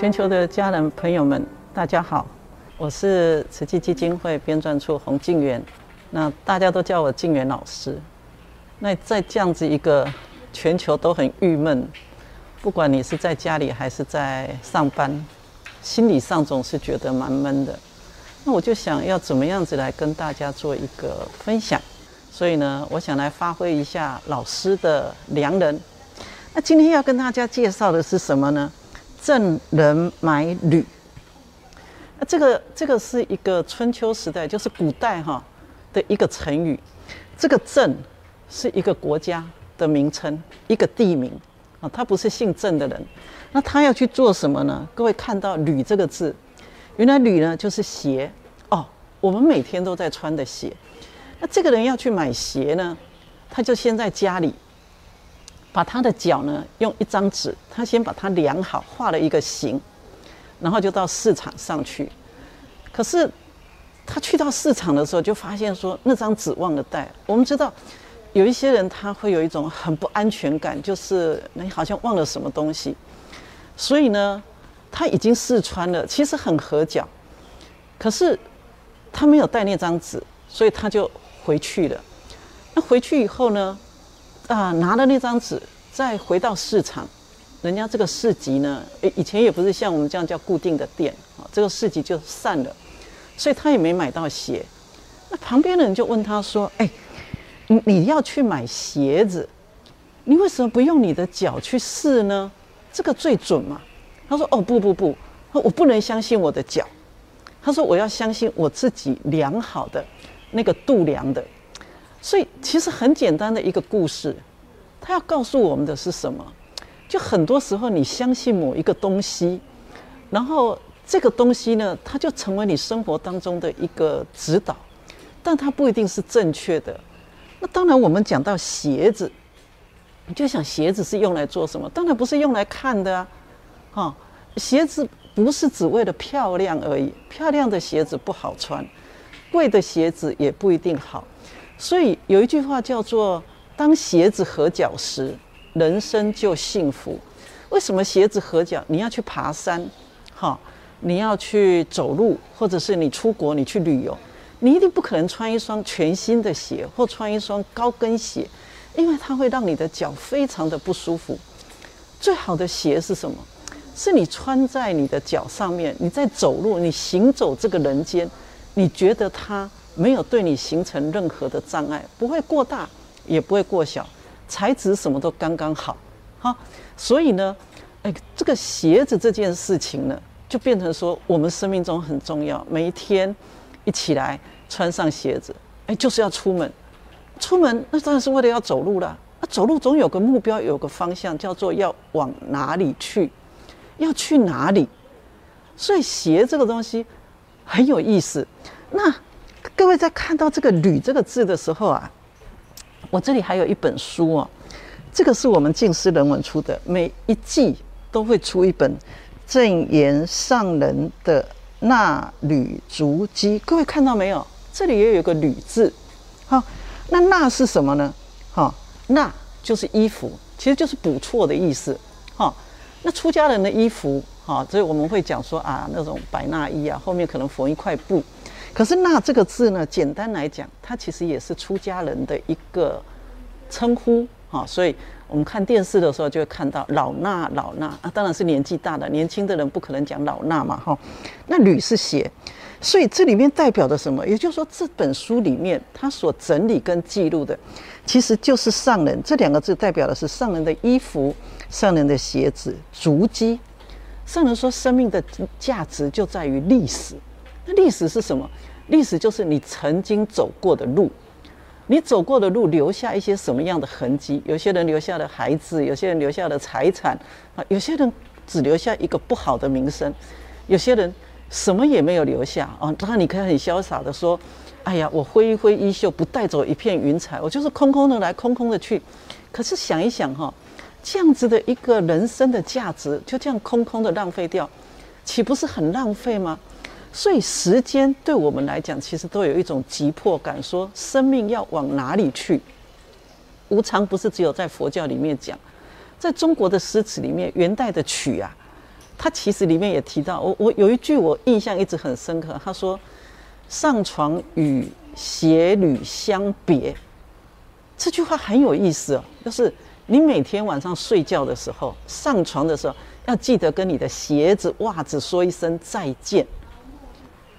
全球的家人朋友們，大家好，我是慈濟基金會編撰處洪靜原。那大家都叫我靜原老師。那在這樣子一個全球都很鬱悶，不管你是在家裡還是在上班，心理上總是覺得蠻悶的。那我就想要怎麼樣子來跟大家做一個分享，所以呢，我想來發揮一下老師的良人。那今天要跟大家介紹的是什麼呢？鄭人買履。那這個這個是一個春秋時代，就是古代哈的一個成語。這個鄭是一個國家的名稱，一個地名啊，哦，他不是姓鄭的人。那他要去做什麼呢？各位看到履這個字，原來履呢就是鞋哦，我們每天都在穿的鞋。那這個人要去買鞋呢，他就先在家裡。把他的腳呢，用一張紙，他先把它量好，畫了一個形，然後就到市場上去。可是他去到市場的時候，就發現說那張紙忘了帶。我們知道有一些人他會有一種很不安全感，就是你好像忘了什麼東西。所以呢，他已經試穿了，其實很合腳，可是他沒有帶那張紙，所以他就回去了。那回去以後呢？啊，拿了那張紙，再回到市場，人家這個市集呢、欸，以前也不是像我們這樣叫固定的店啊、喔，這個市集就散了，所以他也沒買到鞋。那旁邊的人就問他說：“哎、欸，你你要去買鞋子，你為什麼不用你的腳去試呢？這個最準嘛？”他說：“哦，不不不，我不能相信我的腳。”他說：“我要相信我自己量好的那個度量的。”所以，其實很簡單的一個故事，它要告訴我們的是什麼？就很多時候，你相信某一個東西，然後這個東西呢，它就成為你生活當中的一個指導，但它不一定是正確的。那當然，我們講到鞋子，你就想鞋子是用來做什麼？當然不是用來看的啊！哈，鞋子不是只為了漂亮而已，漂亮的鞋子不好穿，貴的鞋子也不一定好。所以有一句話叫做“當鞋子合腳時，人生就幸福”。為什麼鞋子合腳？你要去爬山，哈、哦，你要去走路，或者是你出國，你去旅遊，你一定不可能穿一雙全新的鞋或穿一雙高跟鞋，因為它會讓你的腳非常的不舒服。最好的鞋是什麼？是你穿在你的腳上面，你在走路，你行走這個人間，你覺得它。沒有對你形成任何的障礙，不會過大，也不會過小，材質什麼都剛剛好，哈。所以呢，哎、欸，這個鞋子這件事情呢，就變成說我們生命中很重要，每一天一起來穿上鞋子，哎、欸，就是要出門。出門那當然是為了要走路啦，那走路總有個目標，有個方向，叫做要往哪裡去，要去哪裡。所以鞋這個東西很有意思，那。各位在看到這個“履”這個字的時候啊，我這裡還有一本書哦，這個是我們靜思人文出的，每一季都會出一本《證嚴上人的衲履足跡》。各位看到沒有？這裡也有一個“履”字，哈、哦。那“衲”是什麼呢？哈、哦，“衲”就是衣服，其實就是補錯的意思，哈、哦。那出家人的衣服，哈、哦，所以我們會講說啊，那種百衲衣啊，後面可能縫一塊布。可是“衲”這個字呢，簡單來講，它其實也是出家人的一個稱呼，哈。所以我們看電視的時候就會看到老“老衲”、“老衲”，啊，當然是年紀大的，年輕的人不可能講“老衲”嘛，哈。那“履”是鞋，所以這裡面代表的什麼？也就是說，這本書裡面它所整理跟記錄的，其實就是上人這兩個字，代表的是上人的衣服、上人的鞋子、足跡。上人說，生命的價值就在於歷史。那歷史是什麼？歷史就是你曾經走過的路，你走過的路留下一些什麼樣的痕跡？有些人留下了孩子，有些人留下了財產，啊，有些人只留下一個不好的名聲，有些人什麼也沒有留下啊。當然你可以很瀟灑的說：“哎呀，我揮一揮衣袖，不帶走一片雲彩，我就是空空的來，空空的去。”可是想一想哈，這樣子的一個人生的價值就這樣空空的浪費掉，豈不是很浪費嗎？所以，時間對我們來講，其實都有一種急迫感，說生命要往哪裡去？無常不是只有在佛教裡面講，在中國的詩詞裡面，元代的曲啊，它其實裡面也提到。我我有一句我印象一直很深刻，他說：“上床與鞋履相別。”這句話很有意思哦，就是你每天晚上睡覺的時候，上床的時候要記得跟你的鞋子、襪子說一聲再見。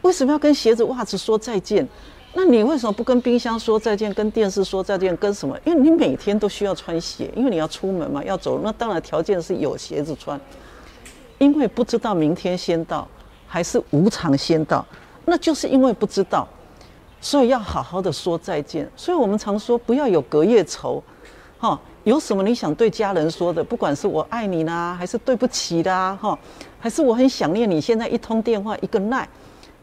為什麼要跟鞋子、襪子說再見？那你為什麼不跟冰箱說再見、跟電視說再見、跟什麼？因為你每天都需要穿鞋，因為你要出門嘛，要走。那當然條件是有鞋子穿。因為不知道明天先到還是無常先到，那就是因為不知道，所以要好好的說再見。所以我們常說不要有隔夜仇，哈、哦。有什麼你想對家人說的？不管是我愛你啦，還是對不起啦，哈、哦，還是我很想念你，現在一通電話，一個 LINE。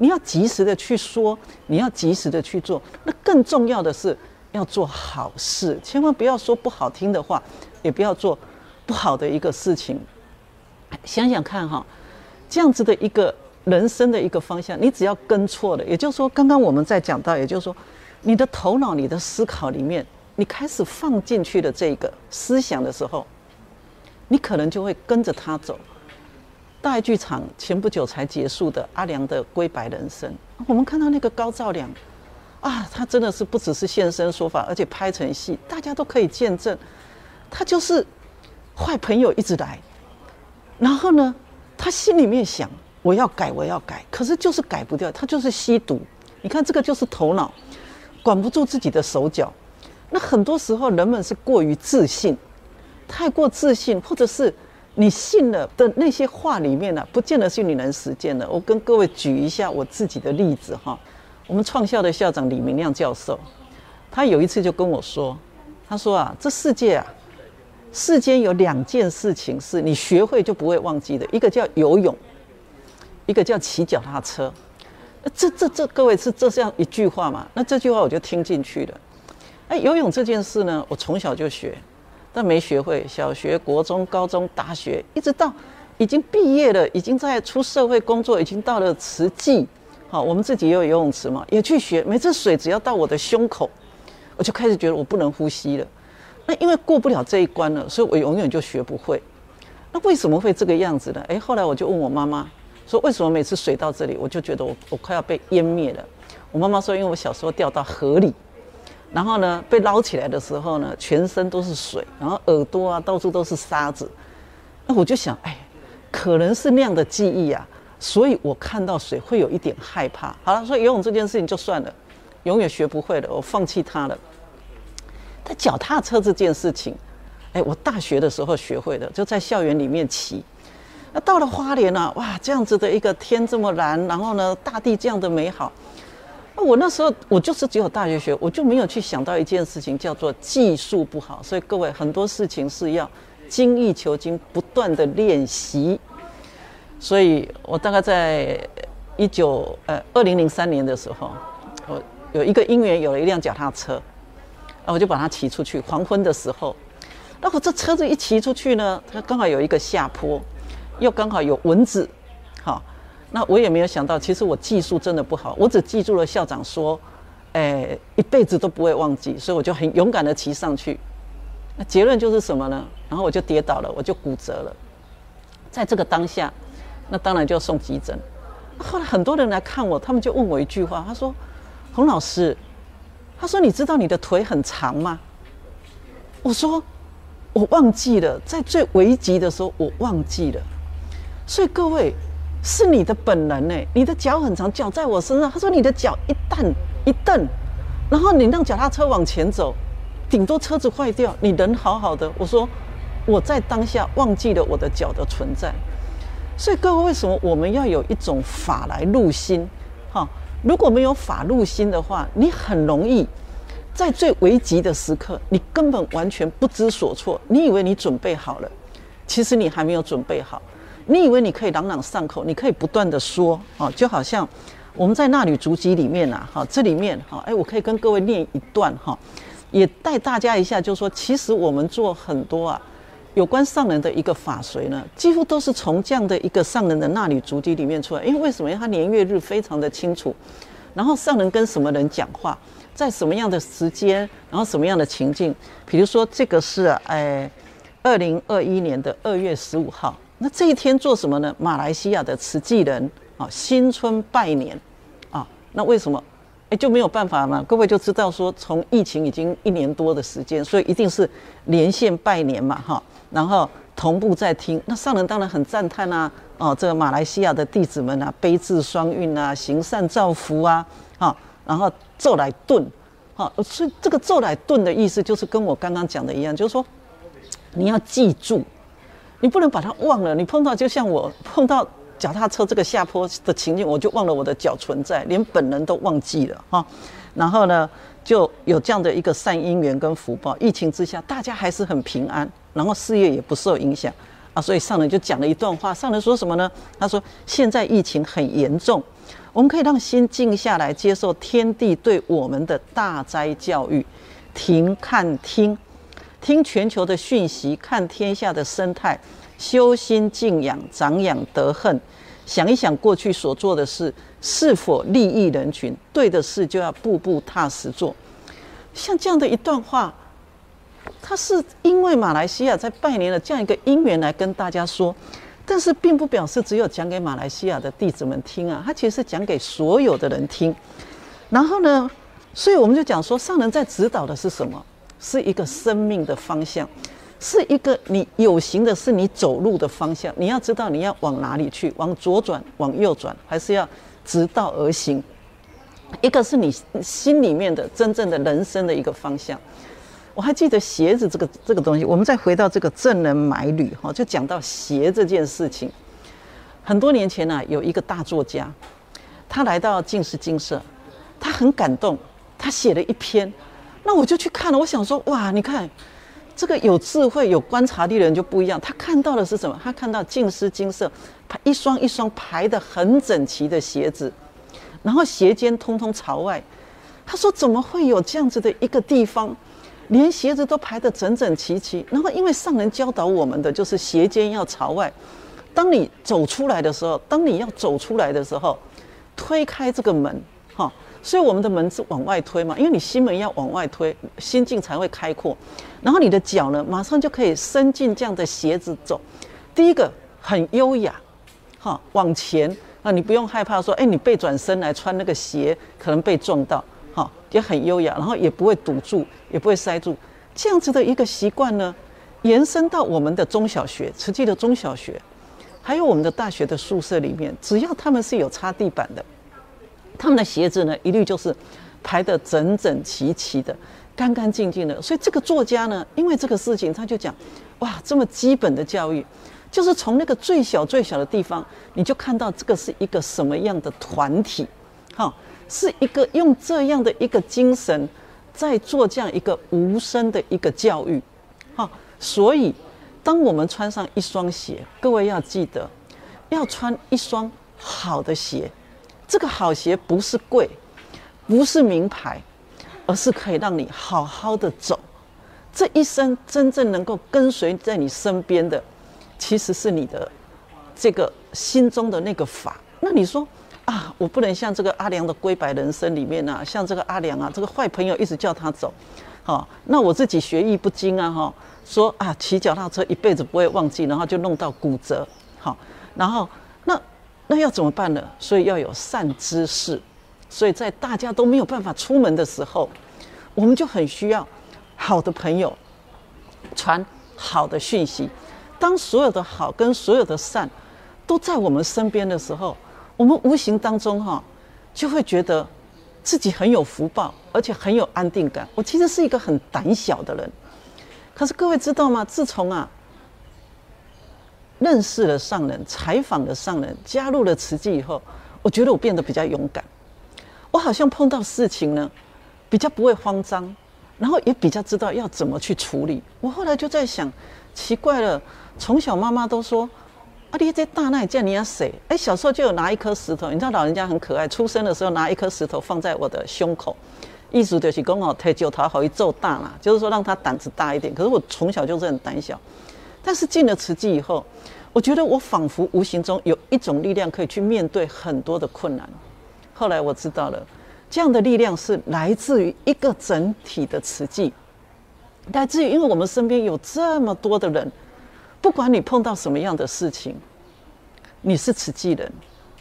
你要及時的去說，你要及時的去做。那更重要的是要做好事，千萬不要說不好聽的話，也不要做不好的一個事情。想想看哈，這樣子的一個人生的一個方向，你只要跟錯了，也就是說，剛剛我們在講到，也就是說，你的頭腦、你的思考裡面，你開始放進去的這個思想的時候，你可能就會跟着它走。大劇場前不久才結束的《阿良的歸白人生》，我們看到那個高肇良啊，他真的是不只是現身說法，而且拍成戲，大家都可以見證。他就是壞朋友一直來，然後呢，他心裡面想我要改，我要改，可是就是改不掉，他就是吸毒。你看這個就是頭腦管不住自己的手腳。那很多時候人們是過於自信，太過自信，或者是。你信了的那些話裡面呢，不見得是你能實踐的。我跟各位舉一下我自己的例子哈，我們創校的校長李明亮教授，他有一次就跟我說，他說啊，這世界啊，世間有兩件事情是你學會就不會忘記的，一個叫游泳，一個叫騎腳踏車。這這這，各位這是這樣一句話嘛？那這句話我就聽進去了。哎，游泳這件事呢，我從小就學。但沒學會，小學、國中、高中、大學，一直到已經畢業了，已經在出社會工作，已經到了慈濟。好，我們自己也有游泳池嘛，也去學。每次水只要到我的胸口，我就開始覺得我不能呼吸了。那因為過不了這一關了，所以我永遠就學不會。那為什麼會這個樣子呢？哎、欸，後來我就問我媽媽，說，為什麼每次水到這裡，我就覺得我我快要被淹滅了。我媽媽說，因為我小時候掉到河裡。然後呢，被撈起來的時候呢，全身都是水，然後耳朵啊，到處都是沙子。那我就想，哎，可能是那樣的記憶啊，所以我看到水會有一點害怕。好了，所以游泳這件事情就算了，永遠學不會的，我放棄它了。但腳踏車這件事情，哎，我大學的時候學會的，就在校園裡面騎。那到了花蓮呢，啊，哇，這樣子的一個天這麼藍，然後呢，大地這樣的美好。我那時候我就是只有大學學，我就沒有去想到一件事情，叫做技術不好。所以各位，很多事情是要精益求精，不斷地練習。所以我大概在一九呃二零零三年的時候，我有一個因緣有了一輛腳踏車，啊，我就把它騎出去。黃昏的時候，那我這車子一騎出去呢，它剛好有一個下坡，又剛好有蚊子，好、哦。那我也沒有想到，其實我技術真的不好，我只記住了校長說，哎、欸，一輩子都不會忘記，所以我就很勇敢的騎上去。那結論就是什麼呢？然後我就跌倒了，我就骨折了。在這個當下，那當然就要送急診。後來很多人來看我，他們就問我一句話，他說：“洪老師，他說你知道你的腿很長嗎？”我說：“我忘記了，在最危急的時候我忘記了。”所以各位。是你的本能呢，你的腳很長，腳在我身上。他說，你的腳一旦一蹬，然後你讓腳踏車往前走，頂多車子壞掉，你人好好的。我說我在當下忘記了我的腳的存在。所以各位，為什麼我們要有一種法來入心？哈、啊，如果沒有法入心的話，你很容易在最危急的時刻，你根本完全不知所措。你以為你準備好了，其實你還沒有準備好。你以為你可以朗朗上口，你可以不斷的說哦，就好像我們在衲履足跡裡面吶，哈，這裡面哈，哎，我可以跟各位念一段哈，也帶大家一下，就是說，其實我們做很多啊，有關上人的一個法髓呢，幾乎都是從這樣的一個上人的衲履足跡裡面出來。因為為什麼他年月日非常的清楚，然後上人跟什麼人講話，在什麼樣的時間，然後什麼樣的情境，比如說這個是哎，二零二一年的二月十五號。那這一天做什麼呢？馬來西亞的慈濟人啊、哦，新春拜年，啊、哦，那為什麼，哎、欸、就沒有辦法嘛？各位就知道說，從疫情已經一年多的時間，所以一定是連線拜年嘛，哈、哦，然後同步在聽。那上人當然很讚歎啊，哦，這個馬來西亞的弟子們啊，悲智雙運啊，行善造福啊，哈、哦，然後咒來頓，哈、哦，所以這個咒來頓的意思就是跟我剛剛講的一樣，就是說，你要記住。你不能把它忘了。你碰到就像我碰到腳踏車這個下坡的情景，我就忘了我的腳存在，連本人都忘記了哈。然後呢，就有這樣的一個善因緣跟福報。疫情之下，大家還是很平安，然後事業也不受影響啊。所以上人就講了一段話，上人說什麼呢？他說現在疫情很嚴重，我們可以讓心靜下來，接受天地對我們的大災教育，停、看、聽。聽全球的訊息，看天下的生態，修心靜養，長養德恨，想一想過去所做的事是否利益人群，對的事就要步步踏實做。像這樣的一段話，他是因為馬來西亞在拜年的這樣一個因緣來跟大家說，但是並不表示只有講給馬來西亞的弟子們聽啊，他其實是講給所有的人聽。然後呢，所以我們就講說，上人在指導的是什麼？是一個生命的方向，是一個你有形的，是你走路的方向。你要知道你要往哪裡去，往左轉，往右轉，還是要直道而行。一個是你心裡面的真正的人生的一個方向。我還記得鞋子這個這個東西，我們再回到這個鄭人買履哈，就講到鞋這件事情。很多年前呢、啊，有一個大作家，他來到靜思精舍，他很感動，他寫了一篇。那我就去看了，我想說，哇，你看，這個有智慧、有觀察力的人就不一樣。他看到的是什麼？他看到靜思精舍，他一雙一雙排得很整齊的鞋子，然後鞋尖通通朝外。他說，怎麼會有這樣子的一個地方，連鞋子都排得整整齊齊？然後，因為上人教導我們的就是鞋尖要朝外。當你走出來的時候，當你要走出來的時候，推開這個門。所以我們的門是往外推嘛，因為你心門要往外推，心境才會開闊。然後你的腳呢，馬上就可以伸進這樣的鞋子走。第一個很優雅，哈，往前，那你不用害怕說，哎，你背轉身來穿那個鞋可能被撞到，哈，也很優雅，然後也不會堵住，也不會塞住。這樣子的一個習慣呢，延伸到我們的中小學，慈濟的中小學，還有我們的大學的宿舍裡面，只要他們是有擦地板的。他們的鞋子呢，一律就是排得整整齊齊的，乾乾淨淨的。所以這個作家呢，因為這個事情，他就講：哇，這麼基本的教育，就是從那個最小最小的地方，你就看到這個是一個什麼樣的團體，哈、哦，是一個用這樣的一個精神在做這樣一個無聲的一個教育，哈、哦。所以，當我們穿上一雙鞋，各位要記得，要穿一雙好的鞋。這個好鞋不是貴，不是名牌，而是可以讓你好好的走。這一生真正能夠跟隨在你身邊的，其實是你的這個心中的那個法。那你說啊，我不能像這個阿良的《歸白人生》裡面啊，像這個阿良啊，這個壞朋友一直叫他走，好、哦，那我自己學藝不精啊，哈，說啊，騎腳踏車一輩子不會忘記，然後就弄到骨折，好、哦，然後。那要怎麼辦呢？所以要有善知識，所以在大家都沒有辦法出門的時候，我們就很需要好的朋友傳好的訊息。當所有的好跟所有的善都在我們身邊的時候，我們無形當中哈、哦、就會覺得自己很有福報，而且很有安定感。我其實是一個很膽小的人，可是各位知道嗎？自從啊。認識了上人，採訪了上人，加入了慈濟以後，我覺得我變得比較勇敢。我好像碰到事情呢，比較不會慌張，然後也比較知道要怎麼去處理。我後來就在想，奇怪了，從小媽媽都說，啊，你這大耐一件你要誰？哎、欸，小時候就有拿一顆石頭，你知道老人家很可愛，出生的時候拿一顆石頭放在我的胸口，意思就是講我、哦、他就他好一做大了，就是說讓他膽子大一點。可是我從小就是很膽小。但是進了慈濟以後，我覺得我仿佛無形中有一種力量可以去面對很多的困難。後來我知道了，這樣的力量是來自於一個整體的慈濟，來自於因為我們身邊有這麼多的人，不管你碰到什麼樣的事情，你是慈濟人，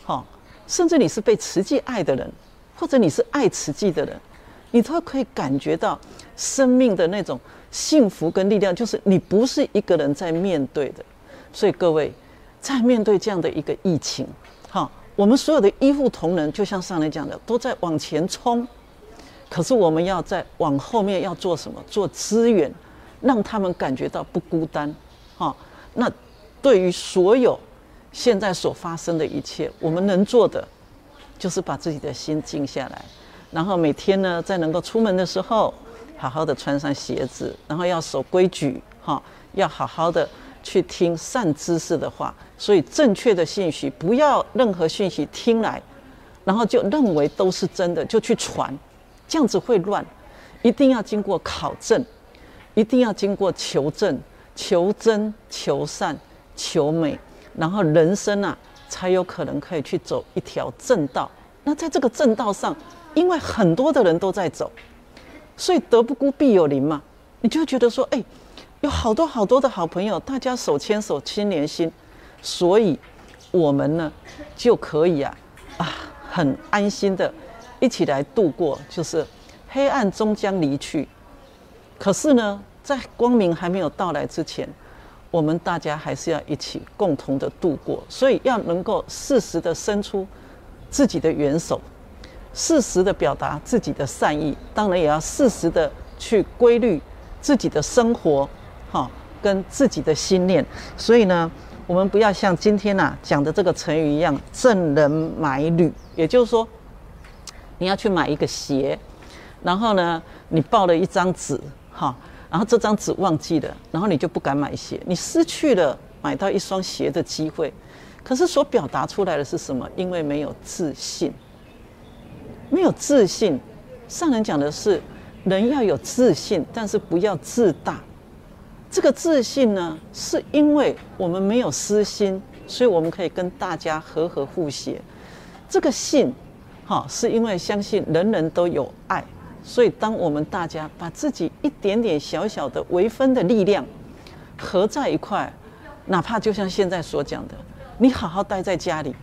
哈，甚至你是被慈濟愛的人，或者你是愛慈濟的人，你都可以感覺到生命的那種。幸福跟力量，就是你不是一個人在面對的，所以各位，在面對這樣的一個疫情，哈，我們所有的醫護同仁，就像上人講的，都在往前衝。可是我們要在往後面要做什麼？做支援，讓他們感覺到不孤單，哈。那對於所有現在所發生的一切，我們能做的就是把自己的心靜下來，然後每天呢，在能夠出門的時候。好好的穿上鞋子，然後要守規矩，哈、哦，要好好的去聽善知識的話。所以正確的信息，不要任何訊息聽來，然後就認為都是真的就去傳，這樣子會亂。一定要經過考證，一定要經過求證、求真、求善、求美，然後人生啊才有可能可以去走一條正道。那在這個正道上，因為很多的人都在走。所以德不孤，必有鄰嘛。你就覺得說，哎、欸，有好多好多的好朋友，大家手牽手，心連心，所以我們呢就可以啊啊，很安心的一起來度過。就是黑暗終將離去，可是呢，在光明還沒有到來之前，我們大家還是要一起共同的度過。所以要能夠適時的伸出自己的援手。適時的表達自己的善意，當然也要適時的去規律自己的生活，哈、哦，跟自己的心念。所以呢，我們不要像今天吶、啊、講的這個成語一樣，“鄭人買履”。也就是說，你要去買一個鞋，然後呢，你抱了一張紙，哈、哦，然後這張紙忘記了，然後你就不敢買鞋，你失去了買到一雙鞋的機會。可是所表達出來的是什麼？因為沒有自信。沒有自信，上人講的是，人要有自信，但是不要自大。這個自信呢，是因為我們沒有私心，所以我們可以跟大家和和互協。這個信，哈、哦，是因為相信人人都有愛，所以當我們大家把自己一點點小小的微分的力量合在一塊，哪怕就像現在所講的，你好好待在家裡。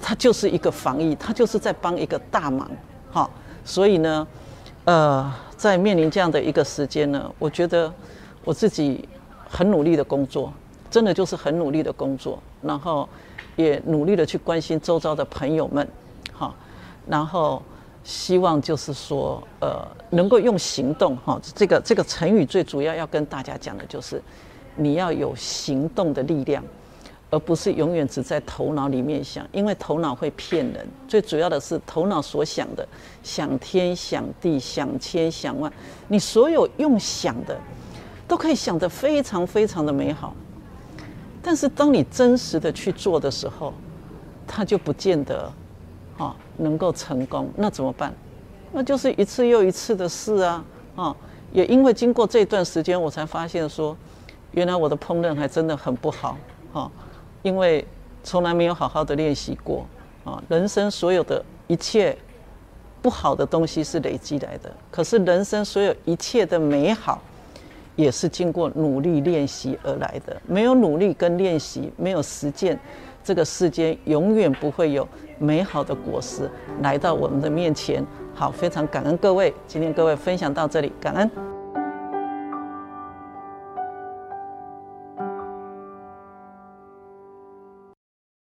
它就是一個防疫，它就是在幫一個大忙，哈，所以呢，呃，在面臨這樣的一個時間呢，我覺得我自己很努力的工作，真的就是很努力的工作，然後也努力的去關心周遭的朋友們，哈，然後希望就是說，呃，能夠用行動，哈，這個這個成語最主要要跟大家講的就是，你要有行動的力量。而不是永遠只在頭腦裡面想，因為頭腦會騙人。最主要的是，頭腦所想的，想天想地想千想萬，你所有用想的，都可以想得非常非常的美好。但是，當你真實的去做的時候，它就不見得啊，能夠成功。那怎麼辦？那就是一次又一次的試啊，啊。也因為經過這段時間，我才發現說，原來我的烹飪還真的很不好，哈。因為從來沒有好好的練習過，啊，人生所有的一切不好的東西是累積來的。可是人生所有一切的美好，也是經過努力練習而來的。沒有努力跟練習，沒有實踐，這個世間永遠不會有美好的果實來到我們的面前。好，非常感恩各位，今天各位分享到這裡，感恩。